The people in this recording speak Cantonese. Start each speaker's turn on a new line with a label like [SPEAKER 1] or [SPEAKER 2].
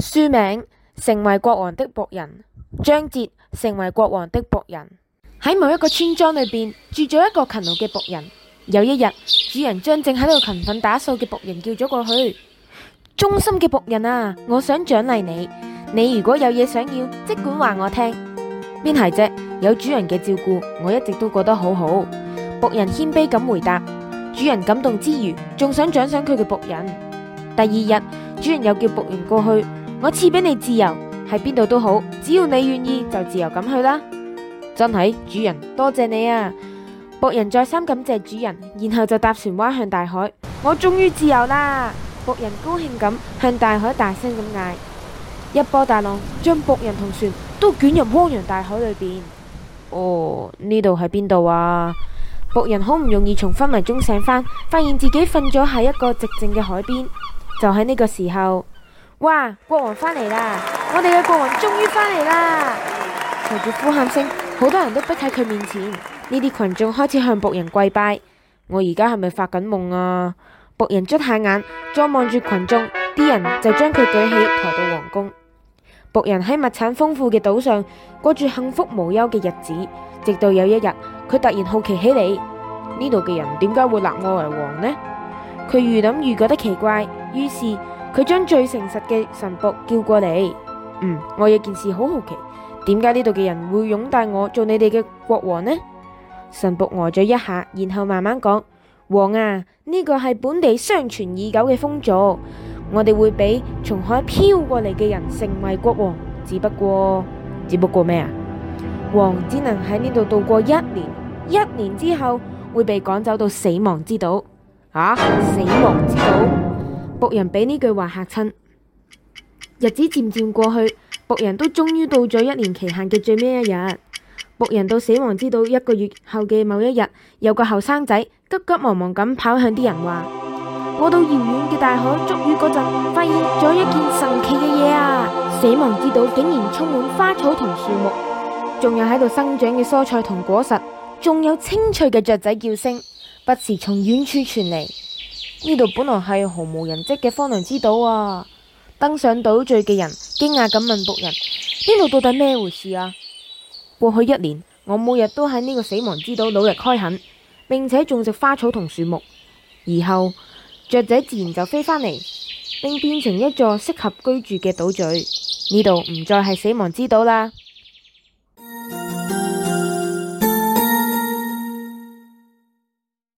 [SPEAKER 1] 書名：成為國王的僕人。章節：成為國王的僕人。喺某一個村莊裏邊住咗一個勤勞嘅僕人。有一日，主人將正喺度勤奮打掃嘅僕人叫咗過去。忠心嘅僕人啊，我想獎勵你。你如果有嘢想要，即管話我聽。邊係啫？有主人嘅照顧，我一直都過得好好。僕人謙卑咁回答。主人感動之餘，仲想獎賞佢嘅僕人。第二日，主人又叫僕人過去。我賜俾你自由，喺邊度都好，只要你願意就自由咁去啦。真係主人，多謝你啊！僕人再三感謝主人，然後就搭船劃向大海。我終於自由啦！僕人高興咁向大海大聲咁嗌。一波大浪將僕人同船都捲入汪洋大海裏邊。哦，呢度係邊度啊？僕人好唔容易從昏迷中醒返，發現自己瞓咗喺一個寂靜嘅海邊。就喺呢個時候。哇！國王返嚟啦！我哋嘅國王終於返嚟啦！隨住呼喊聲，好多人都伏喺佢面前。呢啲群眾開始向僕人跪拜。我而家係咪發緊夢啊？僕人捽下眼，再望住群眾，啲人就將佢舉起，抬到皇宮。僕人喺物產豐富嘅島上過住幸福無憂嘅日子，直到有一日，佢突然好奇起嚟，呢度嘅人點解會立我為王呢？佢越諗越覺得奇怪，於是。佢將最誠實嘅神僕叫過嚟。嗯，我有件事好好奇，點解呢度嘅人會擁戴我做你哋嘅國王呢？神僕呆咗一下，然後慢慢講：王啊，呢個係本地相傳已久嘅風俗，我哋會俾從海漂過嚟嘅人成為國王。只不過，只不過咩啊？王只能喺呢度度過一年，一年之後會被趕走到死亡之島。吓、啊，死亡之島？僕人俾呢句話吓親，日子漸漸過去，僕人都終於到咗一年期限嘅最尾一日。僕人到死亡之島一個月後嘅某一日，有個後生仔急急忙忙咁跑向啲人話：「我到遙遠嘅大海捉魚嗰陣，發現咗一件神奇嘅嘢啊！死亡之島竟然充滿花草同樹木，仲有喺度生長嘅蔬菜同果實，仲有清脆嘅雀仔叫聲，不時從遠處傳嚟。呢度本來係毫無人跡嘅荒涼之島啊！登上島嶼嘅人驚訝咁問僕人：呢度到底咩回事啊？過去一年，我每日都喺呢個死亡之島努力開墾，並且種植花草同樹木，而後雀仔自然就飛返嚟，並變成一座適合居住嘅島嶼。呢度唔再係死亡之島啦。